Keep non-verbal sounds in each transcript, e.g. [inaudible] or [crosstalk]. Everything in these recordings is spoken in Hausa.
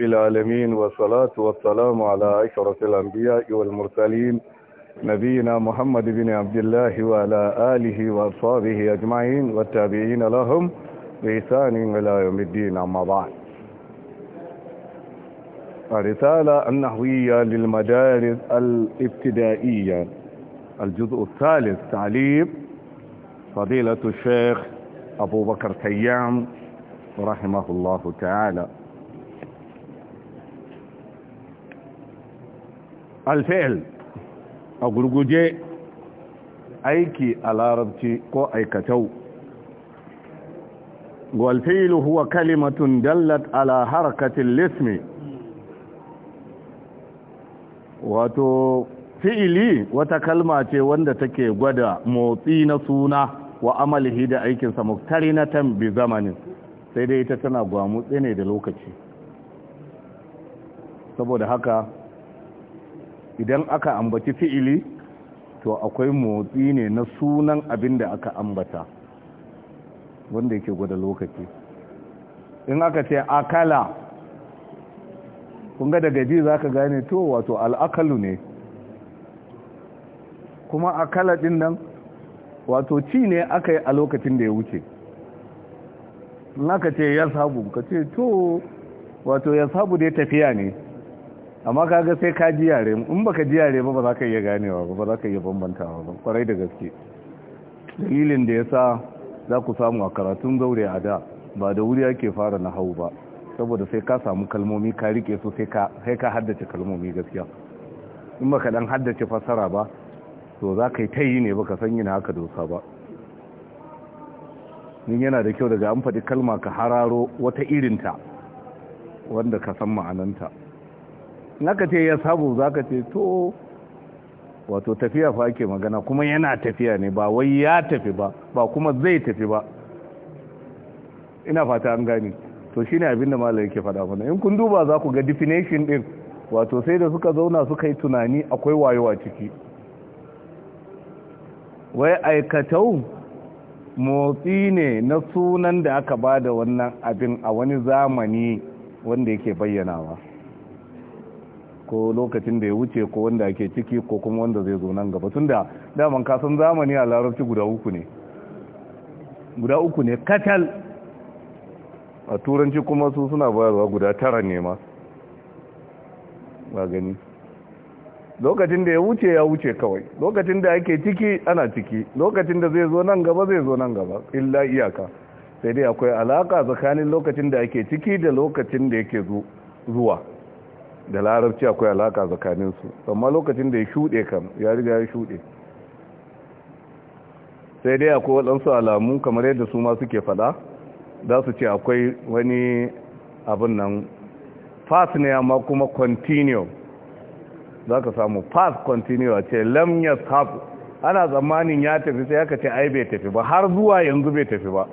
رب العالمين والصلاة والسلام على أشرف الأنبياء والمرسلين نبينا محمد بن عبد الله وعلى آله وأصحابه أجمعين والتابعين لهم بإحسان إلى يوم الدين أما بعد الرسالة النحوية للمدارس الابتدائية الجزء الثالث تعليم فضيلة الشيخ أبو بكر تيام رحمه الله تعالى alfa'il a gurguje aiki a larabci ko aikatau والفيل هو kalimatun dallat على حركة الاسم wato fi'ili wata kalma ce wanda take gwada motsi na suna wa amalihi da aikinsa na tambi zamanin sai dai ita tana gwamutse ne da lokaci saboda haka idan aka ambaci fi'ili to akwai motsi ne na sunan abin da aka ambata wanda yake gwada lokaci in aka ce akala kunga daga ji za ka gane to wato al'akalu ne kuma akala din nan wato ci ne aka yi a lokacin da ya wuce in aka ce ya sabu ka ce to wato ya sabu dai tafiya ne amma kaga sai ka ji yare in baka ji yare ba ba za ka iya ganewa ba ba za ka iya bambantawa ba kwarai da gaske dalilin da yasa za ku samu a karatun zaure a da ba da wuri ake fara na hau ba saboda sai ka samu kalmomi ka rike su sai ka haddace kalmomi gaskiya in baka dan haddace fasara ba to za ka yi ta yi ne baka san yin haka dosa ba nin yana da kyau daga an faɗi kalma ka hararo wata irinta wanda ka san ma'ananta naka ce ya sabu za ka ce to wato tafiya fa ake magana kuma yana tafiya ne ba wai ya tafi ba ba kuma zai tafi ba ina fata an gani to shine abinda malam yake faɗa mana in kun duba za ku ga definition din wato sai da suka zauna suka yi tunani akwai wayewa ciki wai aikatau motsi ne na sunan da aka ba da wannan abin a wani zamani wanda yake bayyanawa ko lokacin da ya wuce ko wanda ake ciki ko kuma wanda zai zo nan gaba tun da daman kasan zamani a larabci guda uku ne guda uku ne katal a turanci kuma su suna bayarwa guda tara ne ma ba gani lokacin da ya wuce ya wuce kawai lokacin da ake ciki ana ciki lokacin da zai zo nan gaba zai zo nan gaba illa iyaka sai dai akwai alaka tsakanin lokacin da ake ciki da lokacin da yake zuwa da larabci akwai alaka tsakaninsu amma lokacin da ya shuɗe kam ya riga ya shuɗe sai dai akwai waɗansu alamu kamar yadda su ma suke faɗa za su ce akwai wani abin nan fast ne amma kuma continue za ka samu fast continue a ce lam ya ana tsammanin ya tafi sai aka ce ai bai tafi ba har zuwa yanzu bai tafi ba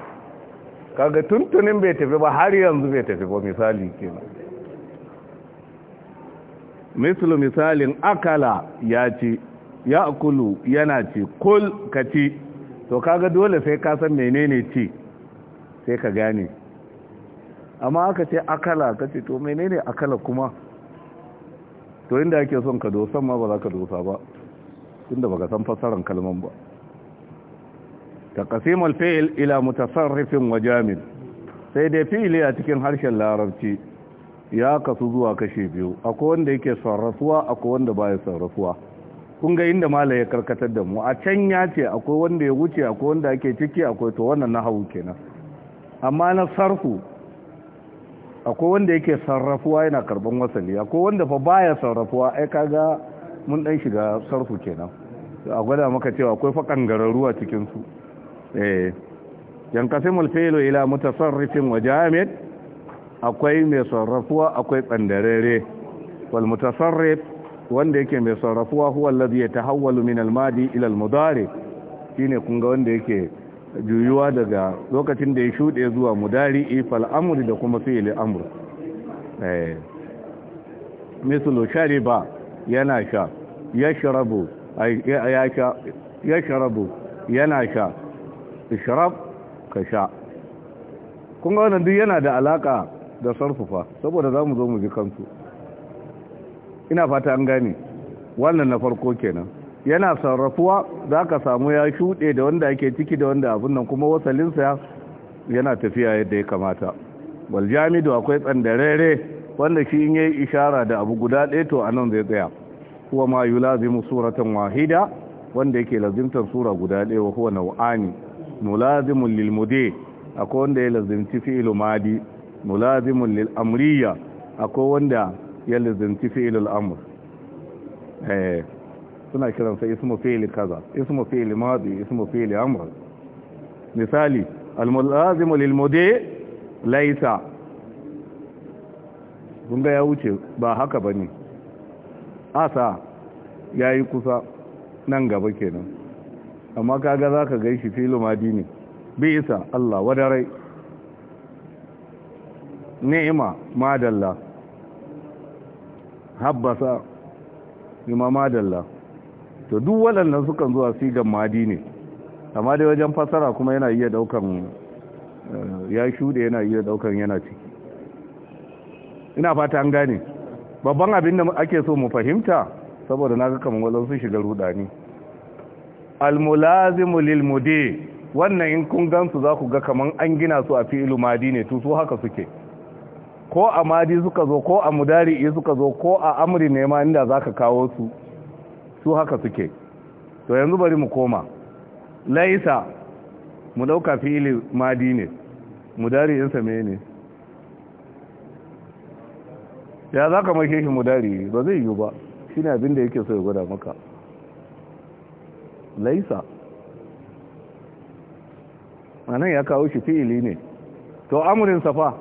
kaga tuntunin bai tafi ba har yanzu bai tafi ba misali kenan mislu misalin akala ya ci ya akulu yana ci kul ka ci to kaga dole sai ka san menene ci sai ka gane amma aka ce akala ka ce to menene akala kuma to inda ake son ka dosan ma ba za ka dosa ba inda baka san fasaran kalman ba taqsim al-fi'l ila mutasarrifin wa jamid sai dai fi'li a cikin harshen larabci ya kasu zuwa kashe biyu akwai wanda yake sarrafuwa akwai wanda baya sarrafuwa kun ga inda mala ya karkatar da mu a can ya ce akwai wanda ya wuce akwai wanda ake ciki akwai to wannan na hau kenan amma na sarfu akwai wanda yake sarrafuwa yana karban wasali akwai wanda fa baya sarrafuwa ai kaga mun dan shiga sarfu kenan a gwada maka cewa akwai fa kangararru a cikin su eh yan kasimul fi'lu ila mutasarrifin wa jamid akwai mai sarrafuwa akwai tsandarere wal mutasarrif wanda yake mai sarrafuwa huwa alladhi yatahawwalu min al-madi ila al-mudari shine kun wanda yake juyuwa daga lokacin da ya shuɗe zuwa mudari fal amri da kuma fi'il amr eh shariba yana sha yashrabu ya sha yashrabu yana sha ishrab ka sha kun ga duk yana da alaka da sarfufa saboda za mu zo mu ji kansu ina fata an gane wannan na farko kenan yana sarrafuwa za ka samu ya shuɗe da wanda ake ciki da wanda abin nan kuma wasalinsa yana tafiya yadda ya kamata jami'u akwai tsandarere wanda shi in yi ishara da abu guda ɗaya to a nan zai tsaya kuwa ma yi lazimu suratan wahida wanda yake lazimtar sura guda ɗaya wa kuwa nau'ani mulazimun lilmude akwai wanda ya lazimci fi'ilu madi mulazimun lil amriya akwai wanda ya lizinci fi'il al-amr eh suna kiransa ismu fi'il kaza ismu fi'il madi ismu fi'il amr misali al-mulazimu lil mudi laysa gunga ya wuce ba haka bane asa yayi kusa nan gaba kenan amma kaga zaka gaishi fi'il madi ne bi isa Allah wadarai ni'ima madalla habbasa nima madalla to duk waɗannan sukan zuwa sigan madi ne amma dai wajen fasara kuma yana iya daukan eh, ya shuɗe yana iya daukan yana ciki ina fata an gane babban abin da ake so mu fahimta saboda naga ga kamar sun shiga rudani almulazimu lilmude wannan in kun gansu za ku ga kamar an gina su a fi'ilu madi ne to su haka suke ko a madi suka zo ko a mudari'i suka zo ko a amuri ne inda za ka kawo su su haka suke to yanzu bari mu koma laisa mu ɗauka fili madi ne Mudari yin same ne ya za ka mai shi mudari? ba zai yiwu ba shi ne abinda yake so ya gwada maka laisa A nan ya kawo shi fili ne to amurin safa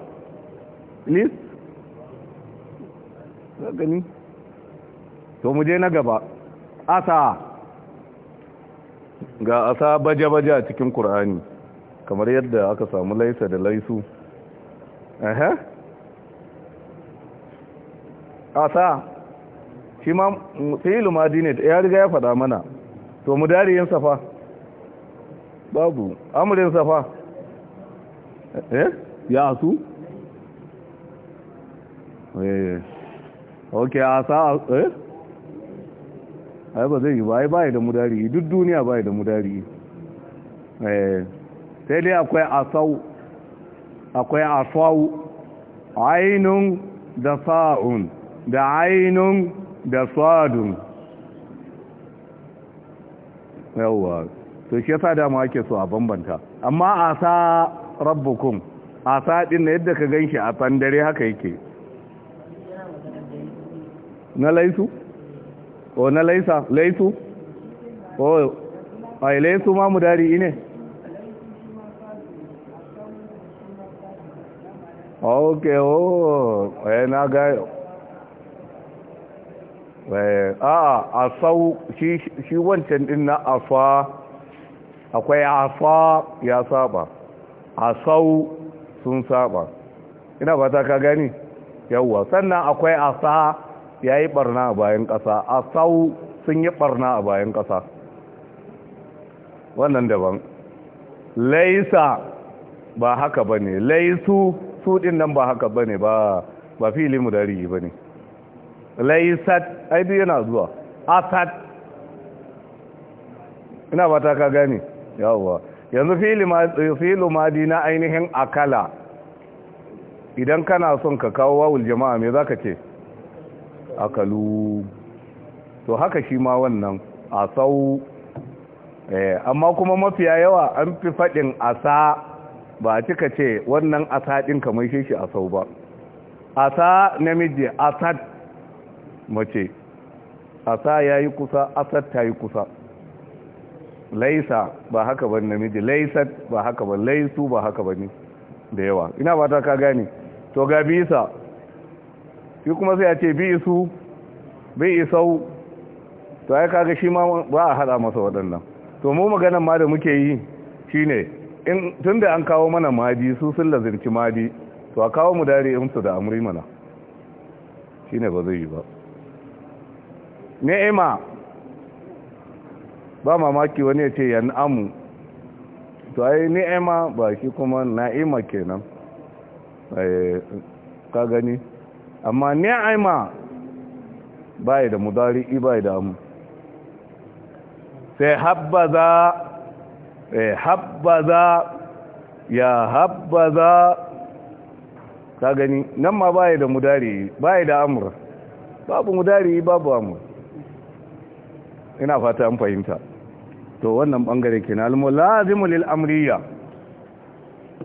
please za gani to mu je na gaba asa ga asa baje-baje a cikin ƙur'ani kamar yadda aka samu laisa da laisu ehe asa shi ma fi'ilu madi ne ya riga ya faɗa mana to mu yin safa babu amurin safa eh ya su Eh. ok a sa eh ai ba zai yi ba ai bai da mudari duk duniya bai da mudari eh sai dai akwai asau akwai asau ainun da sa'un da ainun da sa'adun yawwa to shi yasa dama ake so a bambanta amma asa rabbukum asa din na yadda ka ganshi a fandare haka yake na laisu o na laisa laisu o ai laisu ma mudari ne ok o eh na gayo, eh a asau shi shi wancan din na afa akwai afa ya saba asau sun saba ina ba ta ka gani yawwa sannan akwai asa ya yi barna a bayan ƙasa a sau sun yi barna a bayan ƙasa wannan daban laisa ba haka ba ne laisu su ɗin nan ba haka ba ne ba fili mudari ba ne laisat aibi yana zuwa asat ina ba ta ka gani. yawwa yanzu fili madi na ainihin akala idan kana son ka kawo wawul jama'a me za ka ce akalu to haka shi ma wannan asau eh amma kuma mafiya yawa an fi fadin asa ba cika ce wannan asa din kamar shi shi asau ba asa namiji asad mace asa ya yi kusa asad ta yi kusa laisa ba haka ba namiji Laisa ba haka ba laisu ba haka ba ne da yawa ina ba ta ka gane to ga bisa shi kuma sai a ce bi isu bi isau to ai kaga shi ma ba a hada masa waɗannan to mu maganan ma da muke yi shine in tunda an kawo mana madi su sun lazimci madi to a kawo mu dare in su da amri mana shine ba zai yi ba ni'ima ba mamaki wani ya ce yan'amu to ai ni'ima ba shi kuma na'ima kenan eh, ka gani amma ni'ima bai da mudari bai da mu sai habbaza eh habbaza ya habbaza ka gani nan ma bai da mudari bai da amr babu mudari babu amr ina fata an fahimta to wannan bangare kenan al-mulazimul lil amriya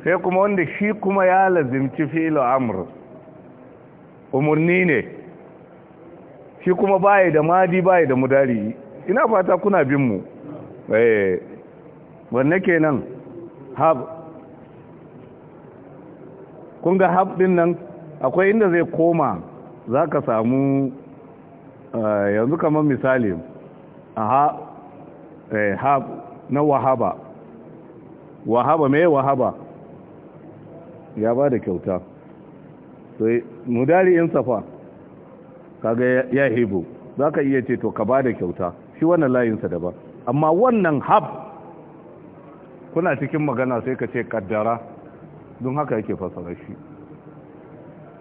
sai kuma wanda shi kuma ya lazimci fi'il amr umarni ne shi kuma baya da madi baya da mudari ina fata kuna binmu mu eh wanne kenan hab kun ga hab din nan akwai inda zai koma zaka samu eh, yanzu kamar misali aha eh hab na wahaba wahaba me wahaba ya ba da kyauta to mudari'in safa kaga ya hebo, za ka iya ce to ka ba da kyauta shi wannan layinsa daban amma wannan hab kuna cikin magana sai ka ce kaddara don haka yake fasara shi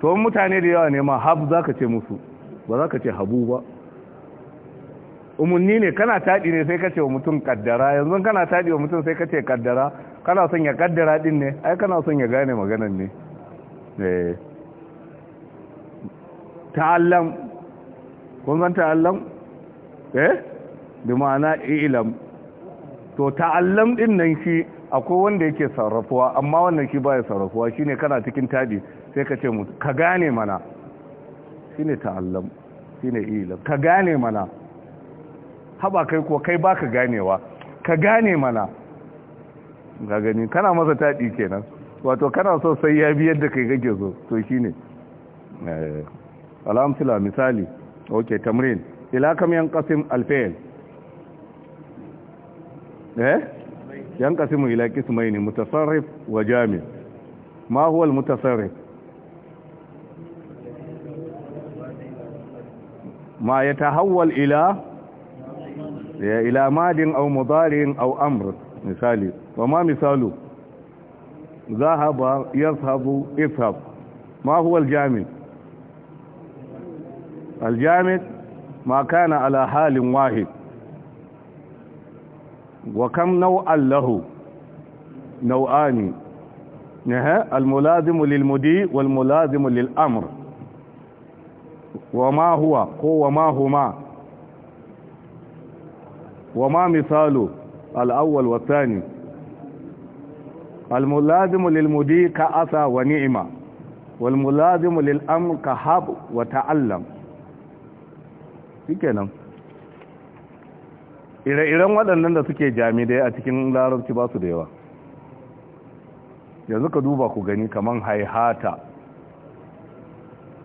to mutane da yawa ne ma hab za ka ce musu ba za ka ce habu ba umarni ne kana taɗi ne sai ka ce wa mutum kaddara yanzu kana taɗi wa mutum sai ka ce kaddara kana son ya kaddara ɗin ne ai kana son ya gane maganan ne eh. ta'allam kun san ta'allam eh bi ma'ana ilam to ta'allam din nan shi akwai wanda yake sarrafuwa amma wannan shi baya sarrafuwa shine kana cikin tabi sai ka ce mu ka gane mana shine ta'allam shine ilam ka gane mana haba kai ko kai baka ganewa ka gane mana ga gani kana masa tabi kenan wato kana so sai ya bi yadda kai gage so to shine eh alamsila misali ok tamrin ila kam yan yanqasim alfa'il eh yanqasimu ila qismayn mutasarrif wa jami' ma huwa almutasarrif ma yatahawwal ila ila madin aw mudari'in aw amr misali wa ma misalu ذهب يذهب اذهب ما هو الجامد الجامد ما كان على حال واحد وكم نوعا له نوعان الملازم للمدي والملازم للأمر وما هو هو وما هما وما مثال الأول والثاني الملازم للمدي كأثى ونعمة والملازم للأمر كحب وتعلم shikenan ire-iren waɗannan da suke jami'ai a cikin larabci ba su da yawa yanzu ka duba ku gani kamar haihata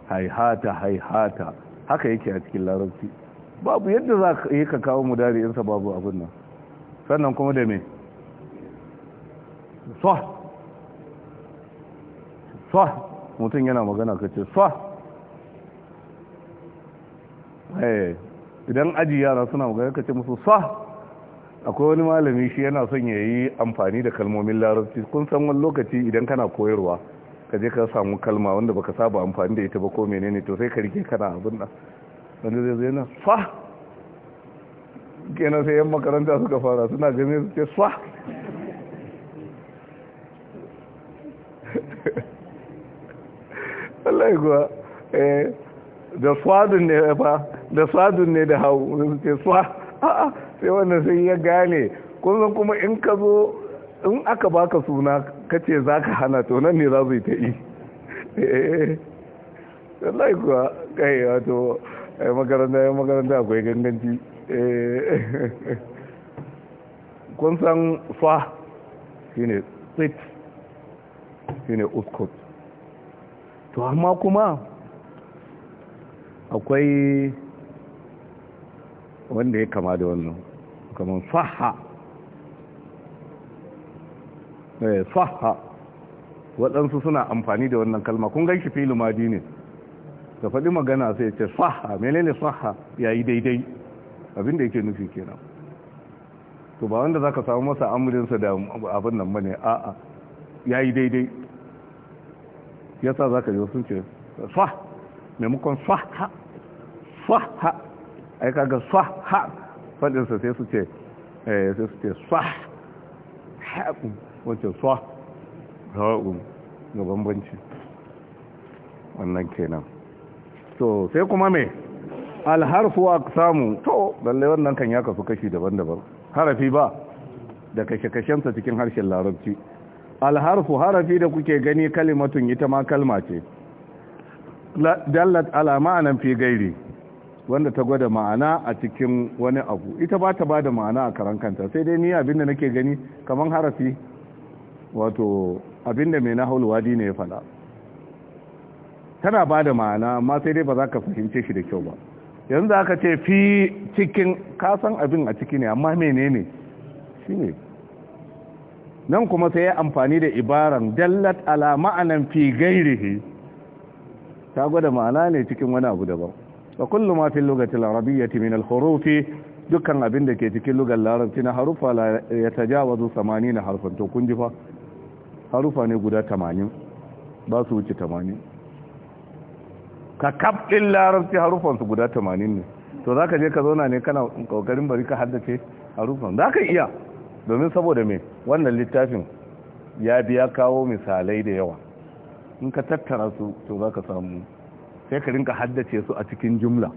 haihata haihata haka yake a cikin larabci babu yadda za ka yi ka kawo mu dari'insa babu abin nan sannan kuma da me swa swa mutum yana magana ka ce swa Eh, idan aji yara suna magana ka ce musu sa akwai wani malami shi yana son ya yi amfani da kalmomin larabci kun san wani lokaci idan kana koyarwa ka je ka samu kalma wanda baka saba amfani da ita ba ko menene to sai ka rike kana abin nan wanda zai zai na sa kenan sai yan makaranta suka fara suna ganin su ce sa [laughs] Allah ya guwa eh, da swadin ne fa da sadun ne da hau sun ce sa a'a sai wannan sai ya gane kun kuma in ka zo in aka baka suna ka ce za ka hana to nan ne za su yi ta yi eh, wallahi kuwa kai wato makaranta ya makaranta akwai ganganci eh, kun san fa shine tsit shine uskut to amma kuma akwai wanda ya kama da wannan kamar faha eh faha waɗansu suna amfani da wannan kalma kun gan shi filu madi ne ka faɗi magana sai ce faha menene ya yi daidai abin da yake nufi kenan to ba wanda zaka samu masa amurinsa da abin nan bane a'a yi daidai yasa zaka yi sun ce faha maimakon faha, faha. ai kaga swa ha fadinsa sai su ce eh, sai su ce swa ku wato swa ku ga bambanci wannan kenan to sai kuma me alharfu samu to lalle wannan kan ya kasu kashi daban-daban harafi ba da kashe sa cikin harshen larabci alharfu harafi da kuke gani kalimatun ita ma kalma ce dallat ala ma'anan fi gairi wanda ta gwada ma'ana a cikin wani abu ita ba ta ba da ma'ana a karan kanta sai dai ni abin da nake gani kamar harafi wato abin da mai na haulwadi ne ya fada tana ba da ma'ana amma sai dai ba za ka fahimce shi da kyau ba yanzu za aka ce fi cikin kasan abin a ciki ne amma menene shi ne nan kuma sai ya amfani da ibaran dallat ala ma'anan fi gairihi ta gwada ma'ana ne cikin wani abu daban wa kullu ma fi lugati al-arabiyyati min al-huruf dukkan abin da ke cikin lugar larabci na harufa la yatajawazu 80 harfan to kun ji fa harufa ne guda 80 ba su wuce 80 ka kaf larabci harufan su guda 80 ne to zaka je ka zauna ne kana kokarin bari ka haddace harufan zaka iya domin saboda me wannan littafin ya biya kawo misalai da yawa in ka tattara su to zaka samu sai ka rinka haddace su a cikin jumla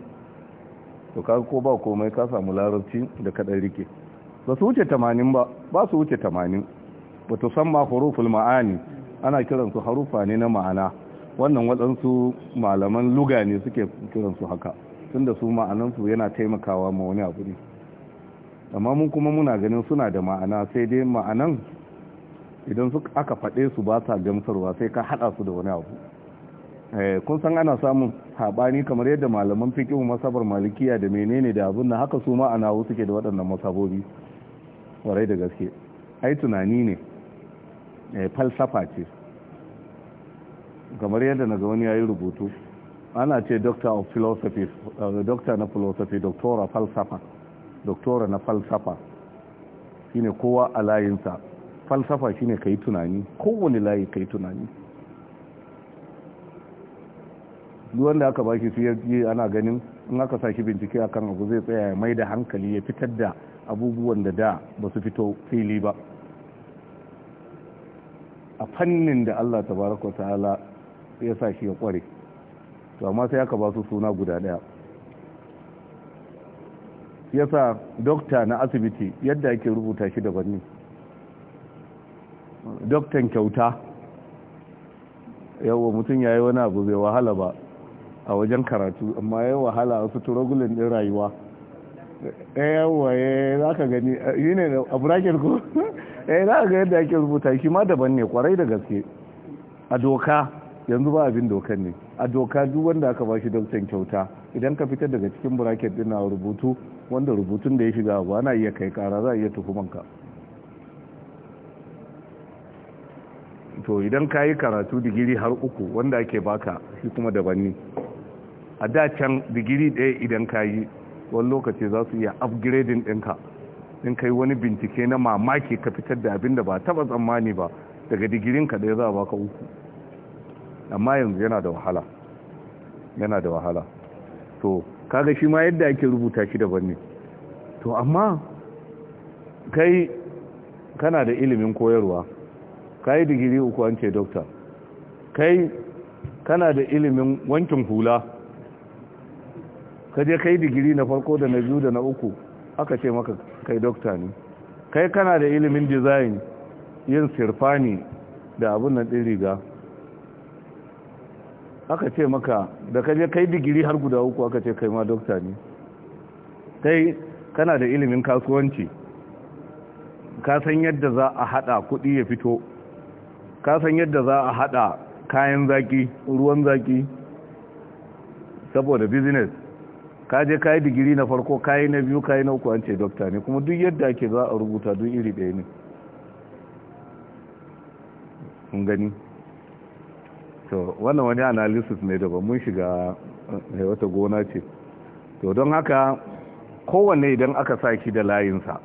to ka ko ba komai ka samu larabci da kaɗan rike ba su wuce tamanin ba ba su wuce tamanin ba to san ma huruful ma'ani ana kiransu harufa ne na ma'ana wannan waɗansu malaman luga ne suke kiransu haka tunda su ma'anansu yana taimakawa ma wani abu ne amma mun kuma muna ganin suna da ma'ana sai dai ma'anan idan aka faɗe su ba sa gamsarwa sai ka haɗa su da wani abu Eh, kun san ana samun haɓani kamar yadda malaman fikihu masabar malikiya da menene da abin na haka su ma ana ke da waɗannan masabobi warai da gaske ai tunani ne eh, falsafa ce kamar yadda na ga wani yayi rubutu ana ce doctor of philosophy eh, doctor na philosophy doctora falsafa doctora na falsafa shine kowa a layinsa falsafa shine kai tunani kowane layi kai tunani duk wanda aka baki su yi ana ganin in aka sa shi bincike akan abu zai tsaya ya mai da hankali ya fitar da abubuwan da da ba su fito fili ba a fannin da Allah ta tabaraka ta'ala ya sa shi ya kware to amma sai aka ba su suna guda daya ya sa dokta na asibiti yadda ake rubuta shi daban ne doktan kyauta yawon mutum ya yi wani abu zai wahala ba a wajen karatu amma ya wahala wasu turogulin din rayuwa eh, waye eh, za ka gani yi ne a bracket ku za ka ga yadda ake rubuta shi ma daban ne kwarai da gaske a doka yanzu ba abin dokan ne a doka duk wanda aka bashi dautan kyauta idan ka fitar daga cikin buraket din na rubutu wanda rubutun da ya shiga ba ana iya kai kara za a iya manka to idan ka yi karatu digiri har uku wanda ake baka shi kuma daban ne a da can digiri ɗaya idan ka yi wani lokaci za su iya upgrading ɗinka in ka yi wani bincike na mamaki ka fitar da abin da ba taba tsammani ba daga digirinka ɗaya za a baka uku amma yanzu yana da wahala yana da wahala to kaga shi ma yadda ake rubuta shi daban ne to amma kai kana da ilimin koyarwa Ka yi digiri uku an ce dokta kai kana da ilimin wankin hula ka je kai digiri na farko da na biyu da na uku aka ce maka kai dokta ne kai kana da ilimin design yin sirfani da abin nan ɗin riga aka ce maka da ka je kai digiri har guda uku aka ce kai ma dokta ne kai kana da ilimin kasuwanci ka san yadda za a hada kuɗi ya fito ka san yadda za a hada kayan zaki ruwan zaki saboda business ka je kayi digiri na farko kayi na biyu kayi na uku an ce dokta ne kuma duk yadda ake za a rubuta duk iri ɗaya ne mun gani to wannan wani analysis ne daban mun shiga eh, wata gona ce to don haka kowanne idan aka sa shi da layinsa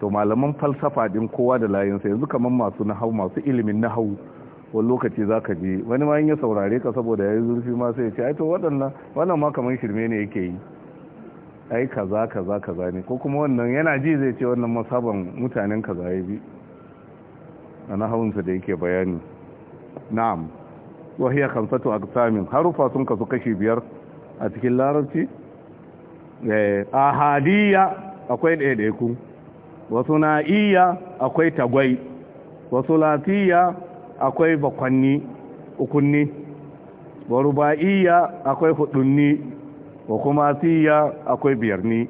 to malaman falsafa din kowa da layinsa yanzu kamar masu nahau masu ilimin nahau wani lokaci za ka je wani ma ya saurare ka saboda ya yi zurfi masu ya ce ai to waɗannan wannan ma kamar shirme ne yake yi ai kaza kaza kaza ne ko kuma wannan yana ji zai ce wannan masaban mutanen kaza ya bi a nahawunsa da yake bayani na'am wahiya kamsatu aqsamin harufa sun kasu kashi biyar a cikin larabci eh ahadiyya akwai ɗaiɗaiku wasu na'iyya akwai tagwai wasu lafiya akwai bakwanni ukunni waruba'iyya akwai hudunni wa kuma siya akwai biyar ni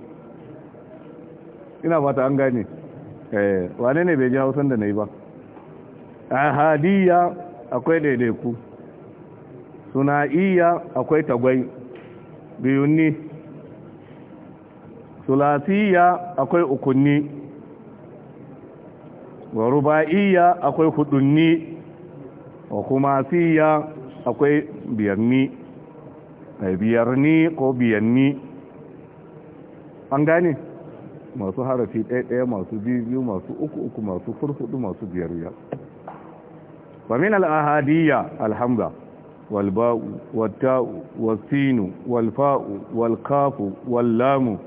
ina fata an gane eh, wane ne bai ji hausan da na yi ba ahadiya akwai daidaiku suna'iya akwai tagwai biyunni sulasiya akwai ukunni wa ruba'iya akwai hudunni wa kuma siya akwai biyanni biyar ni ko biyan ni an gane masu harafi ɗaya-ɗaya masu biyu masu uku-uku masu furfudu masu biyar-biyar min al'ahadiyya alhamza walba'u watta'u wasinu walfa'u walkafu wallamu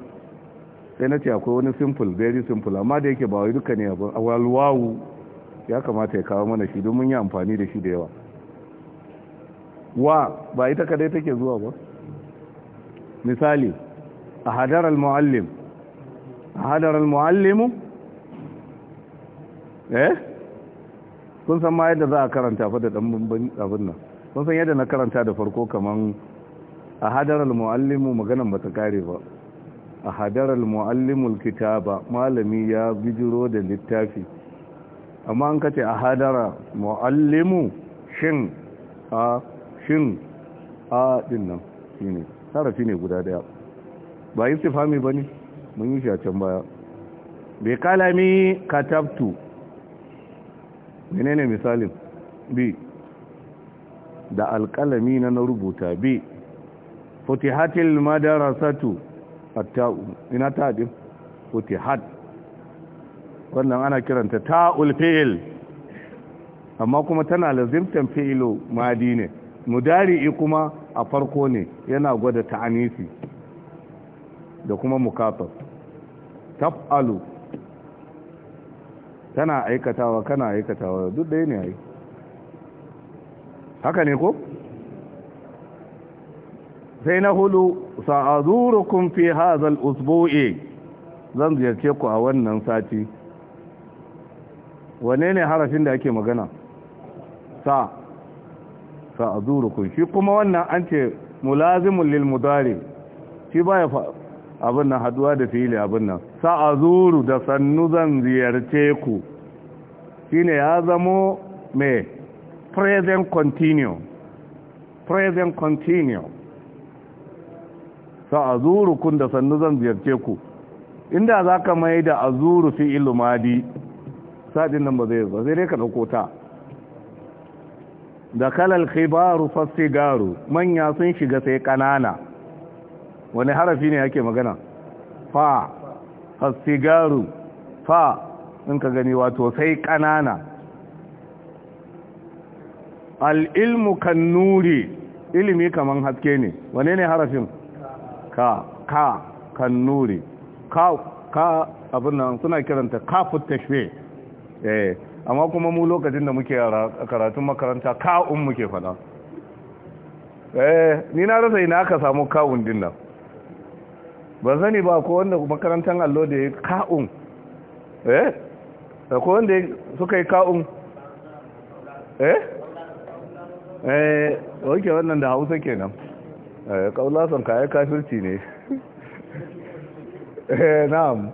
sai na ce akwai wani simple very simple amma da yake ba wai duka ne walwawu ya kamata ya kawo mana shi domin mun yi amfani da shi da yawa wa ba ita kadai take zuwa ba misali a hadar al-muallim a hadar al-muallimu eh kun san ma yadda za a karanta fa da dan abin nan kun san yadda na karanta da farko kaman a hadar al-muallimu maganan ba ta kare ba a hadar al kitaba malami ya bijiro da littafi amma an kace a hadara muallimu shin a harafin a din nan shi ne harafi ne guda daya ba yi ba bane mun yi shi a can baya bi kalami katabtu menene misalin bi da alkalami na na rubuta bi futihatil a ta'u ina ta'adin Fotihat. wannan ana kiranta ta'ul fi'il amma kuma tana lazimtan filo ma'adi ne mudari'i kuma a farko ne yana gwada ta'anisi da kuma mukatab taf'alu tana aikatawa kana aikatawa duk ɗaya ne ai haka ne ko sai na hudu sa'azurukum fi hazal usbu'i zan ziyarce ku a wannan sati wane ne harafin da ake magana sa kun shi kuma wannan an ce mulazimun lil mudari shi baya abin nan haduwa da fili abin nan sa'azuru da sannu zan ziyarce ku shine ya zamo me present continue present continue kun da sannu zan ziyarce ku inda zaka mai da azuru fi ilmadi sadin nan ba zai ba zai ka dauko ta da kalal khibaru fasigaru manya sun shiga sai kanana wani harafi ne yake magana fa fasigaru fa in ka gani wato sai kanana al-ilmu kan nuri ilimi kaman haske ne wane ne harafin ka ka kan nuri ka ka abin nan suna kiranta kafu tashwe eh amma kuma mu lokacin da muke yara karatun makaranta ka'un muke fada eh ni na rasa ina aka samu ka'un din nan ba sani ba ko wanda makarantar allo da ya ka'un eh ko wanda suka yi ka'un eh eh oke wannan da hausa kenan eh kaulasan kayan kafirci ne [laughs] eh na'am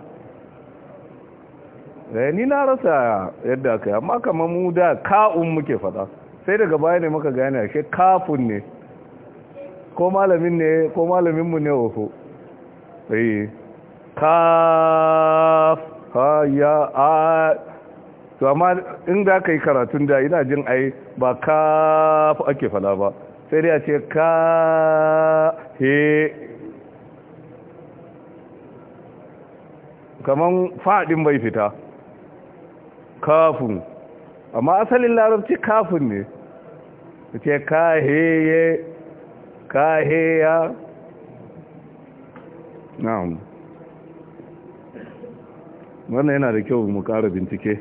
Eh, ni na rasa yadda aka yi amma kamar mu da ka'un muke fada sai daga baya ne muka gane ashe kafun ne ko malamin ne ko malamin mu ne wasu eh ka ha ya a to amma in da ka yi karatun da ina jin ai ba ka fa ake fada ba sai dai a ce ka he kaman fadin bai fita kafin amma asalin larabci kafin ne ce kaheye kaheya na'am wannan yana da kyau mu ƙara bincike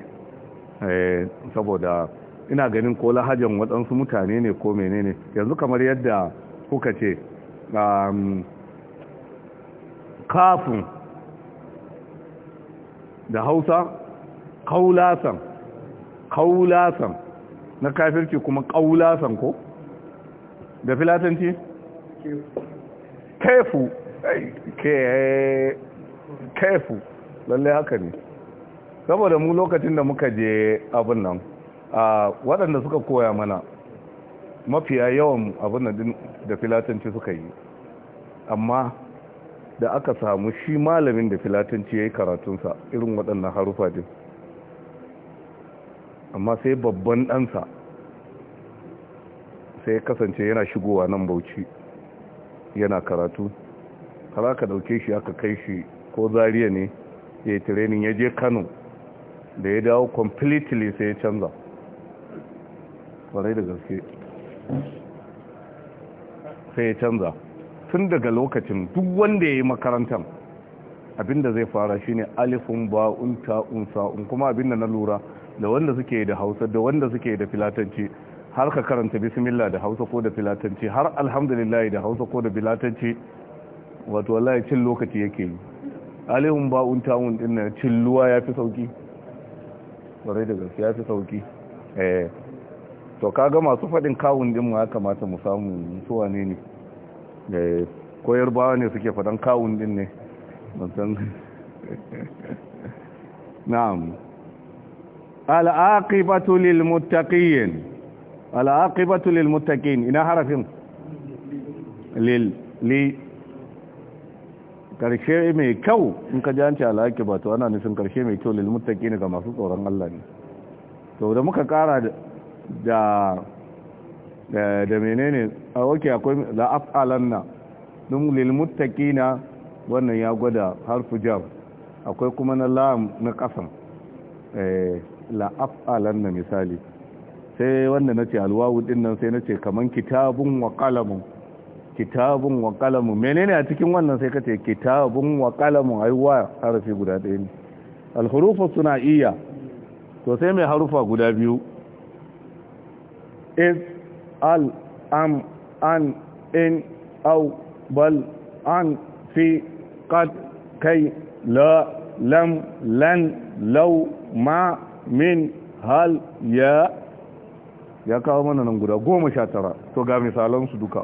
eh, saboda ina ganin ko lahajan waɗansu mutane ne ko menene yanzu kamar yadda kuka ce um, kafin da hausa kaulasan kaulasan na kafirci kuma kaulasan ko da filatanci kefu kefu lallai haka ne saboda mu lokacin da muka je abin nan waɗanda suka koya mana mafiya yawan abin da filatanci suka yi amma da aka samu shi malamin da filatanci ya yi karatunsa irin waɗannan harufa din amma sai babban ɗansa sai kasance yana shigowa nan bauchi yana karatu har aka ɗauke shi aka kai shi ko zariya ne ya yi training ya je kano da ya dawo completely sai ya canza kwarai da gaske sai ya canza tun daga lokacin duk wanda ya yi makarantar abinda zai fara shine alifun ba'unta'unsa'un kuma abinda na lura da wanda suke da hausa da wanda suke da filatanci har ka karanta bismillah da hausa ko da filatanci har alhamdulillah da hausa ko da filatanci wato wallahi cin lokaci yake yi alihun ba'un tawun din na cin luwa ya fi sauki ƙwarai da gaske ya fi sauki eh to kaga masu faɗin kawun din ma kamata mu samu su wane ne eh koyar bawa ne suke faɗan kawun din ne [laughs] na'am al'aqibatu lilmuttaƙiyin muttaqin lilmuttaƙiyin ina harafin lili ƙarshe mai kyau in ka janci al'aqibatu ana nufin ƙarshe mai kyau lilmuttaƙiyin ga masu tsoron Allah ne to da muka ƙara da menene a wake akwai la’af’alan na lil muttaqina wannan ya gwada harfu jar akwai kuma na la'am na ƙasan eh la af'alan na misali sai wanda na ce alwawu din nan sai na ce kaman kitabun wa kalamun kitabun wa kalamun menene a cikin wannan sai kace kitabun wa ai aiwa harfi guda ɗaya ne al suna iya to sai mai harufa guda biyu is al am an in au bal an fi qad kai la lam lan law ma min hal ya ya kawo mana nan guda goma sha tara to ga misalansu duka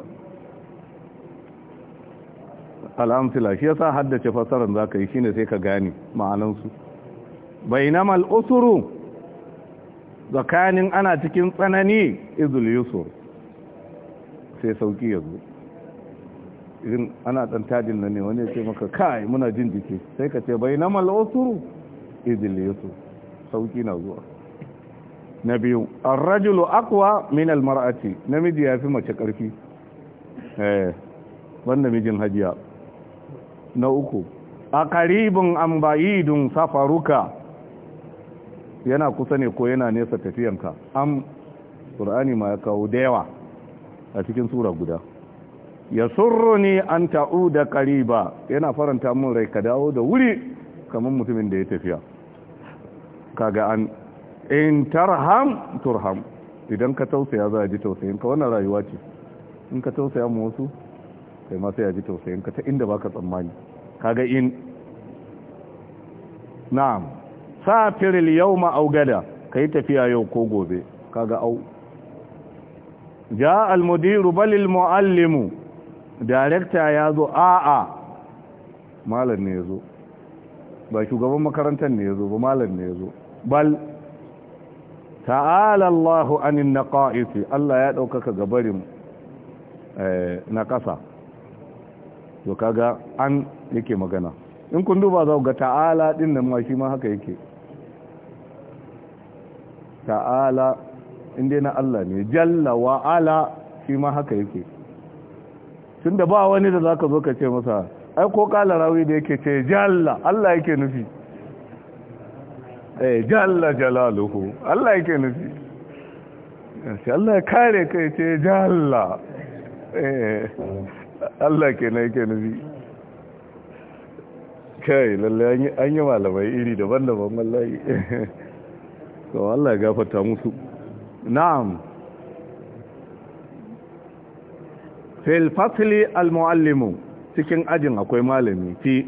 al'amtila shi yasa haddace fasarar za ka yi shine sai ka gane ma'anansu bainama al'usuru Zakanin ana cikin tsanani izul yusur sai sauki ya zo irin ana ɗan tajin nan ne wani ya ce maka kai muna jin jiki sai ka ce na al'usuru izul yusur sauki na zuwa na biyu arrajulu akwa min almar'ati namiji ya fi mace karfi eh wannan mijin hajiya na uku a karibin ba'idun safaruka yana kusa ne ko yana nesa tafiyanka am qur'ani ma ya kawo da yawa a cikin sura guda ya surruni an ta'uda qariba yana faranta mun rai ka dawo da wuri kamar mutumin da ya tafiya kaga an in tarham turham idan ka tausaya za a ji tausayin ka wannan rayuwa ce in ka tausaya mu wasu kai ma sai a ji tausayin ka ta inda baka tsammani kaga in na'am safir al-yawma aw gada kai tafiya yau ko gobe kaga au ja al-mudiru bal al-muallimu director yazo a'a malam ne yazo ba shugaban makarantar ne yazo ba malam ne yazo bal ta'ala an anin naqa'isi Allah ya daukaka gabarin eh na kasa to kaga an yake magana in kun duba za ku ga ta'ala din nan ma shi ma haka yake ta'ala inda na Allah ne jalla wa ala shi ma haka yake tun da ba wani da zaka zo ka ce masa ai ko kala rawi da yake ce jalla Allah yake nufi eh jalla jalaluhu Allah yake nufi shi Allah ya kare kai ce jalla eh Allah kenan yake nufi kai lalle an yi malamai iri daban-daban wallahi [laughs] to Allah ya gafarta musu na'am fil fasli al muallimu cikin ajin akwai malami fi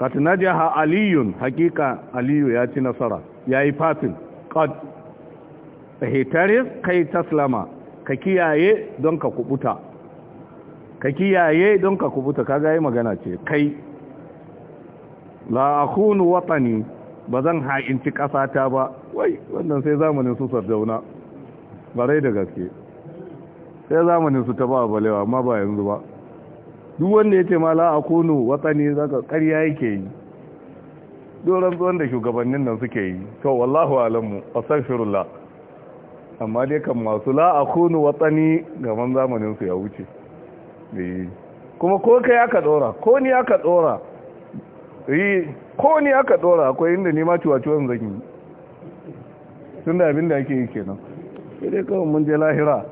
kat najaha aliyun hakika aliyu ya ci nasara ya yi fatin qad tahtaris kai taslama ka kiyaye don ka kubuta ka kiyaye don ka kubuta kaga yi magana ce kai la'akunu akunu ba bazan ha'inci kasata ba wai wannan sai zamanin su sardauna barai da gaske sai zamanin su ta ba balewa amma ba yanzu ba duk wanda ya ce ma la akunu za zaka ƙarya yake yi doron tsohon da shugabannin nan suke yi to wallahu alamu astaghfirullah amma dai kan masu la'a akunu watsani gaban zamanin su ya wuce eh. kuma ko kai aka tsora ko ni aka tsora yi eh, ko ni aka tsora akwai inda nema ciwaciwon zan yi tun da abin da ake yi kenan sai dai kawai mun je lahira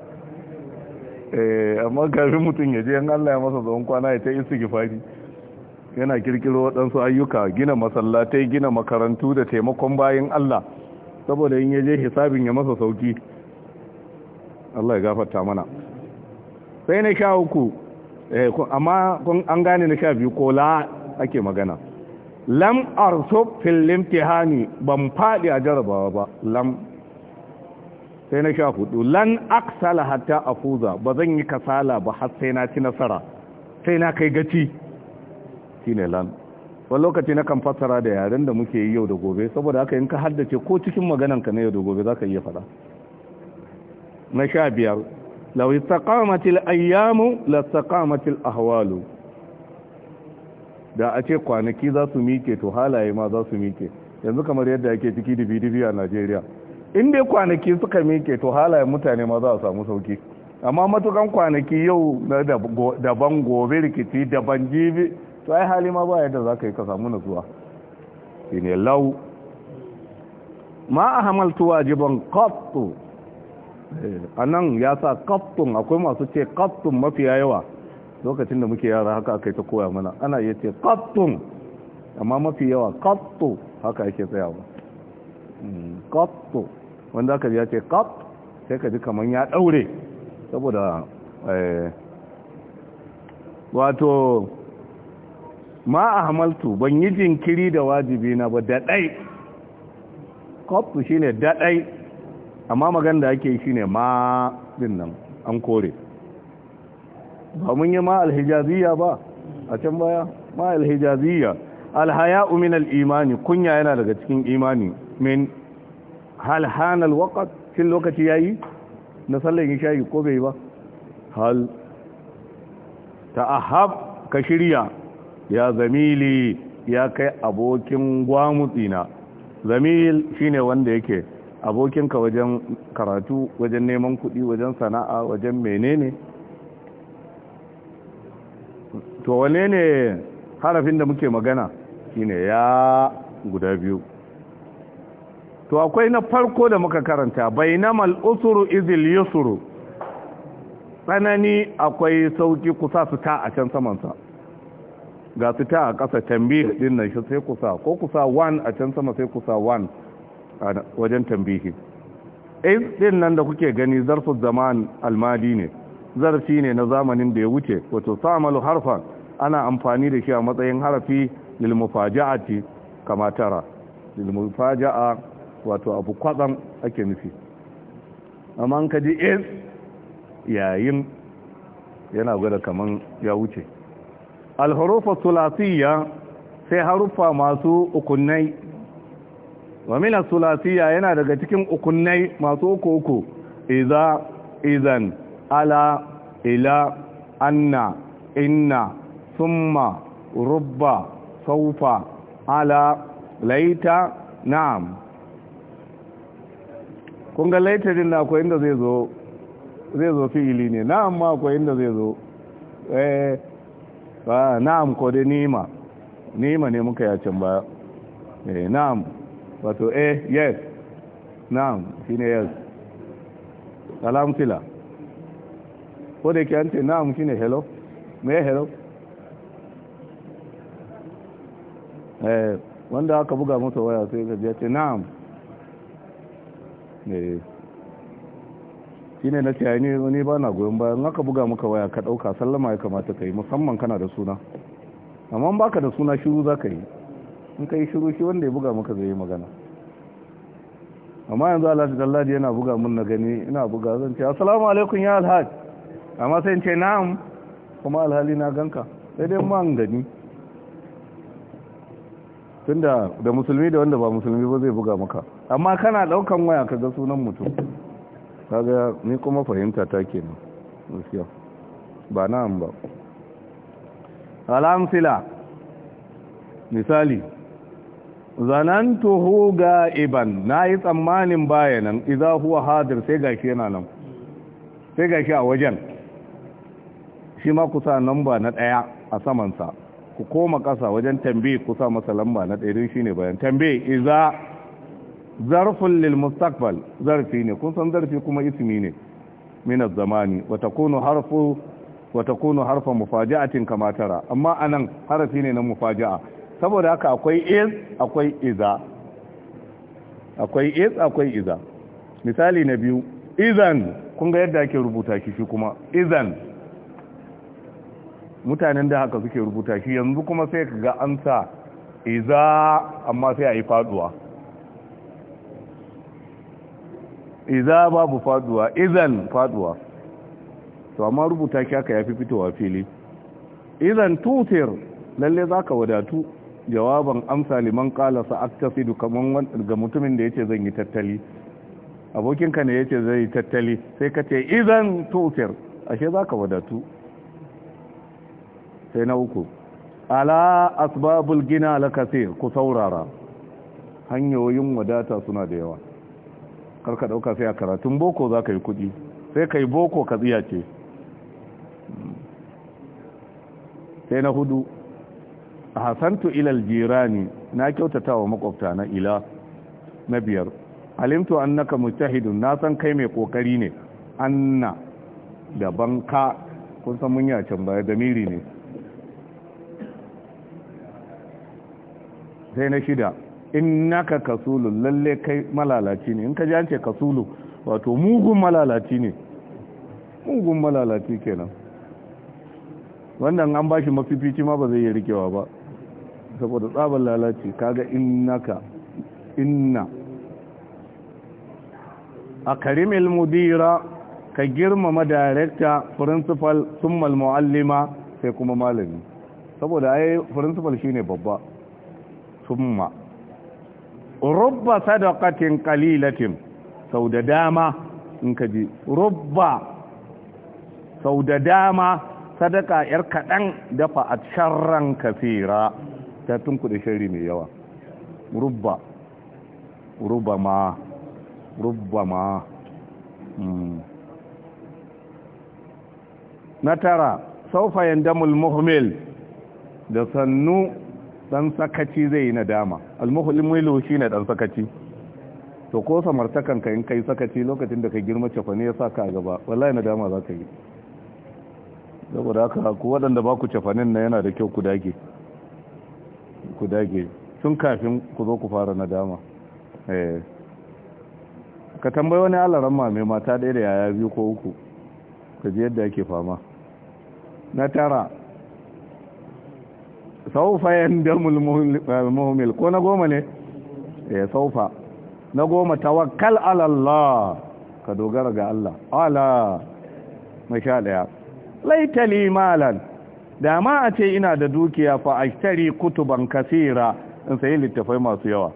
Eh, amma kafin mutum ya je yan Allah ya masa zaun kwana ya ta istighfari yana kirkiro waɗansu ayyuka gina masallatai gina makarantu da taimakon bayan Allah saboda in ya je hisabin ya masa sauki Allah ya gafarta mana sai na sha uku eh, amma an gane na sha biyu ko la ake magana lam arsub fil limtihani ban faɗi a jarabawa ba lam sai na sha hudu lan aksala hatta afuza ba zan yi kasala ba har sai na ci nasara sai na kai gaci shine lan wani lokaci na kan fassara da yaren da muke yi yau da gobe saboda haka in ka haddace ko cikin maganan ka na yau da gobe za ka iya faɗa na sha biyar lau istaqamatil ayyamu lastaqamatil ahwalu da a ce kwanaki za su mike to halaye ma za su mike yanzu kamar yadda ake ciki dibi-dibi a Najeriya Inda kwanaki suka mike to halayen mutane ma za a samu sauki amma matukan kwanaki yau na daban gobe rikici daban jibi to ai hali ma ba yadda za ka yi ka samu nasuwa shi ne lau ma a hamaltu wajiban kaftu eh, a nan ya sa kaftun akwai masu ce kaftun mafiya yawa lokacin da muke yara haka aka yi ta koya mana ana iya ce kaftun amma mafi yawa kaftu haka yake tsayawa kaftun hmm, wanda aka ya ce kaf sai ka ji kamar ya daure saboda eh, wato ma a hamaltu ban yi jinkiri da wajibi na ba daɗai kaftu shi ne daɗai amma maganda da ake shi ne ma din nan an kore ba mun yi ma alhijaziyya ba a can baya ma alhijaziyya alhaya'u min imani kunya yana daga cikin imani min hal hanal waqt shin lokaci yayi na sallar yi ko bai ba hal ta'ahab ka shirya ya zamili ya kai abokin gwamutsina zamil shine wanda yake abokinka wajen karatu wajen neman kudi wajen sana'a wajen menene to wane ne harafin da muke magana shine ya guda biyu to akwai na farko da muka karanta bainamal usru izil yusru tsanani akwai sauki kusa su ta a can samansa ga su ta a ƙasa tambihi din nan shi sai kusa ko kusa 1 a can sama sai kusa 1 a wajen tambihi iz din nan da kuke gani zarfu zaman almadi ne zarfi ne na zamanin da ya wuce wato samalu harfan ana amfani da shi a matsayin harafi lil mufaja'ati kamatara tara lil mufaja'a wato abu kwatsam ake nufi amma an ka ji es eh, yayin yana gwada kaman ya wuce alharufa sulasiya sai haruffa masu ukunnai wa mina yana daga cikin ukunnai masu uku uku iza izan ala ila anna inna summa rubba saufa ala laita na'am kun ga na akwai inda zezo zo zai fi'ili ne na'am ma akwai inda zai eh ba na'am ko dai nima nima ne muka yacin ba eh na'am wato eh yes na'am shine yes alamtila ko da ke an ce na'am shine hello me hello eh wanda aka buga masa waya sai ya ce na'am Eh. shi ne na ce ne wani ba na goyon bayan aka buga muka waya ka ɗauka sallama ya kamata ka yi musamman kana da suna amma ba ka da suna shiru za ka yi in ka yi shiru shi wanda ya buga muka zai yi magana amma yanzu alhaji dallaji yana buga mun na gani ina buga zan ce assalamu alaikum ya alhaji amma sai in ce na'am kuma alhali na ganka sai dai man gani tunda da musulmi da wanda ba musulmi ba zai buga maka amma kana daukan waya ka ga sunan mutum kaga ni kuma fahimta ta kenan gaskiya ba na'am ba alamsila misali zanantuhu ga'iban nayi tsammanin bayanan idza huwa hadir sai gashi yana nan sai gashi a wajen shi ma kusa namba na daya a samansa ku koma kasa wajen tambaye kusa masa lamba na ɗaya don shine bayan tambaye idza zarfin lilmustakbal mustaqbal zarfi ne kun san zarfi kuma ismi ne min zamani wa takunu harfu wa takunu harfa mufaja'atin kama tara amma anan harfi ne na mufaja'a saboda haka akwai is akwai iza akwai is akwai iza misali na biyu izan kun ga yadda ake rubuta shi shi kuma izan mutanen da haka suke rubuta shi yanzu kuma sai ka ga an sa iza amma sai a yi faduwa iza babu faduwa izan faduwa to amma rubuta ki aka yafi fitowa fili izan tutir lalle zaka wadatu jawaban amsa liman qala aktafidu kaman ga mutumin da yace zan yi tattali abokinka ne yace zai tattali sai ka ce izan tutir ashe zaka wadatu sai na uku ala asbabul gina lakasir ku saurara hanyoyin wadata suna da yawa karka dauka sai a karatun boko za ka yi kudi sai ka yi boko ka tsiya ce. sai na hudu a hasantu ilal jirani na kyautata wa makwabta na ila na biyar alimtu annaka mujtahidun na san kai mai kokari ne anna daban ka kun san mun yacin baya da miri ne sai na shida In naka kasulu lalle kai malalaci ne in ka jance kasulu wato mugun malalaci ne mugun malalaci kenan wannan an bashi mafifici ma ba zai yi rikewa ba saboda tsabar lalaci kaga in naka inna a karimil mudira ka girmama director principal sun muallima sai kuma malami saboda ai principal shine babba summa rubba sadaqatin qalilatin sau da dama in ka ji rubba sau da dama sadaka yar kaɗan dafa a sharran kafira ta tunkuɗe shari mai yawa rubba rubba ma rubba ma hmm. na tara saufa yandamul muhmil da sannu dan sakaci zai yi nadama shi shine dan sakaci to ko samartakan ka in kai sakaci lokacin da ka girma cefa ne ya saka a gaba wallahi nadama za ka yi saboda haka ku waɗanda ba ku cefanin na yana da kyau ku dage ku dage tun kafin ku zo ku fara nadama eh ka tambayi wani alaran mai mata ɗaya da yaya biyu ko uku ka ji yadda ake fama na tara saufa damul muhmil ko na goma ne eh saufa na goma tawakkal ala Allah ka dogara ga Allah ala masha sha daya laita malan da ma a ce ina da dukiya fa ashtari kutuban kasira in sayi littafai masu yawa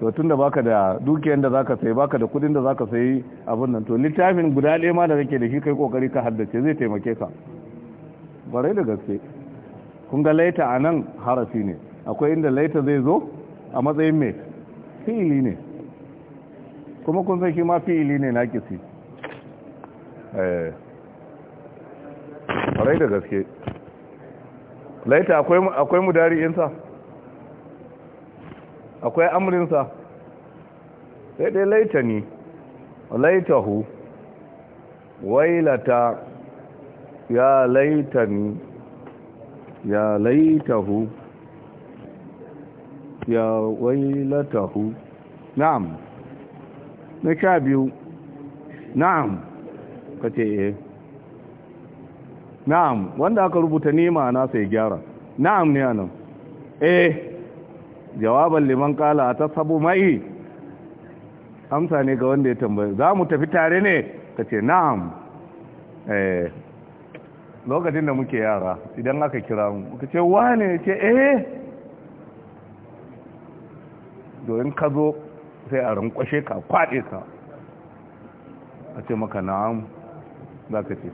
to tunda baka da dukiyar da zaka sayi baka da kudin da zaka sayi abin nan to littafin guda ɗaya ma da kake da shi kai kokari ka haddace zai taimake ka bare da gaske kun ga laita a nan harafi ne akwai inda laita zai zo a matsayin mai fi'ili ne kuma kun san shi ma fi'ili ne na kisi eh. rai da gaske laita akwai mudari'insa akwai amurinsa sai dai laita ni laitahu wailata ya laita ni. ya laitahu ya wailatahu na'am na sha biyu na'am ka ce eh na'am wanda aka rubuta nema na sai gyara na'am ne anan eh jawaban liman kala ta sabu mai amsa ne ga wanda ya tambaye za mu tafi tare ne ka ce na'am eh lokacin da muke yara idan aka kira mu muka ce wane ya ce eh domin ka zo sai a rinkwashe ka kwaɗe ka a ce maka na'am za ka ce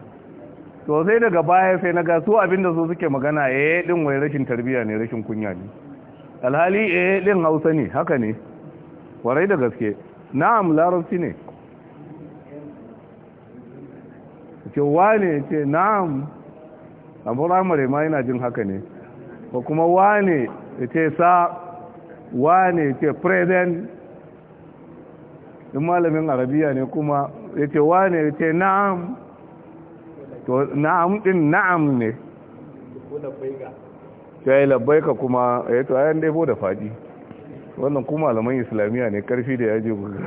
to sai daga baya sai na gasu abinda su suke magana eh din wai rashin tarbiya ne rashin kunya ne alhali eh din hausa ne haka ne warai da gaske na'am larabci ne ce wane ce na'am a firamare ma yana jin haka ne ko kuma wane ya ce sa wane ya ce present in malamin arabiya ne kuma ya ce wane ya ce na'am to na'am din na'am ne ya yi ka kuma ya eh to ayan daifo da fadi. wannan kuma malaman islamiyya ne karfi da je guga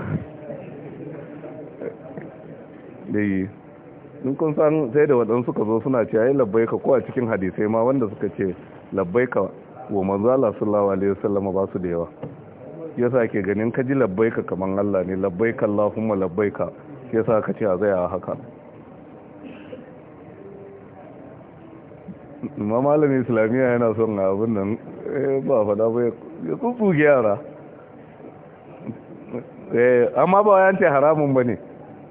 da yi in kun san sai da waɗansu ka zo suna ce yi labbaika ko a cikin hadisai ma wanda suka ce labbaika wa manzo Allah sallallahu alaihi wasallam ba su da yawa ya sa ke ganin ka ji labbaika kamar Allah ne labbaika Allahumma labbaika yasa ka ce a zai a haka ma malamin islamiyya yana son abin nan eh, ba faɗa ba ya tsutsu yara eh, amma ba wa yance haramun ba ne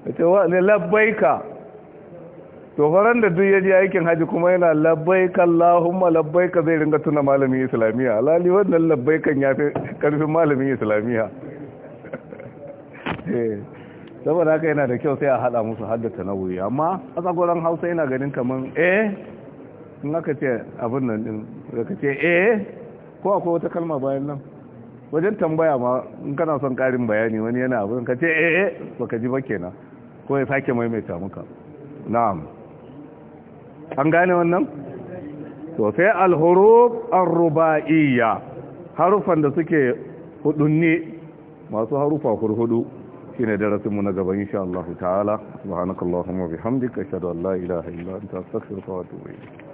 ya ce wa ne labbaika to faran da duk yaji aikin haji kuma yana labbaika Allahumma labbaika zai ringa tuna malamin islamiyya alali wannan labbaikan yafi karfin malamin islamiyya [laughs] eh, saboda haka yana da kyau sai a hada musu haddata nauyi amma a tsagoran hausa yana ganin kamar eh in aka ce abin nan din aka ce eh ko akwai wata kalma bayan nan wajen tambaya ma in kana son karin bayani wani yana abin ka ce eh, eh baka ji ba kenan ko ya sake maimaita muka na'am an gane wannan to sai al an harufan da suke ne masu harufa hurhudu shine darasin mu na gaba insha Allah ta'ala subhanakallahumma bihamdika ashhadu an la ilaha illa anta astaghfiruka wa atubu ilayk